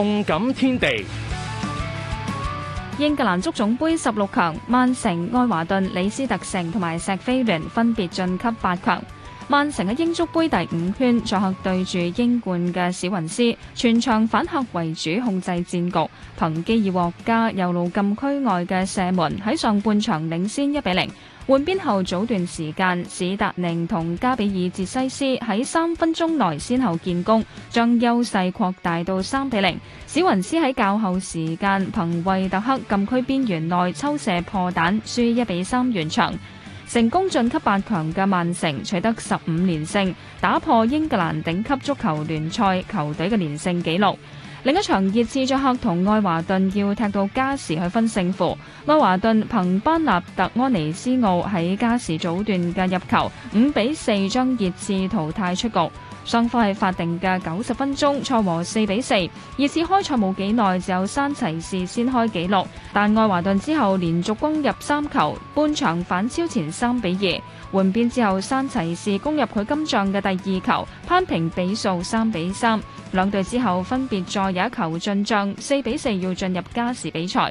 動感天地，英格蘭足總盃十六強，曼城、愛華頓、李斯特城同埋錫菲聯分別晉級八強。曼城嘅英足杯第五圈，作客對住英冠嘅史雲斯，全場反客為主，控制戰局，憑基爾獲加右路禁區外嘅射門，喺上半場領先一比零。換邊後，早段時間，史達寧同加比爾捷西斯喺三分鐘內先後建功，將優勢擴大到三比零。史雲斯喺較後時間憑惠特克禁區邊緣內抽射破蛋，輸一比三完場。成功晉級八強嘅曼城取得十五連勝，打破英格蘭頂級足球聯賽球隊嘅連勝紀錄。另一場熱刺作客同愛華頓要踢到加時去分勝負。愛華頓憑班納特安尼斯奧喺加時早段嘅入球，五比四將熱刺淘汰出局。雙方喺法定嘅九十分鐘，賽和四比四。二次開賽冇幾耐，就有山齊士先開紀錄，但愛華頓之後連續攻入三球，半場反超前三比二。換邊之後，山齊士攻入佢今仗嘅第二球，攀平比數三比三。兩隊之後分別再有一球進帳，四比四要進入加時比賽。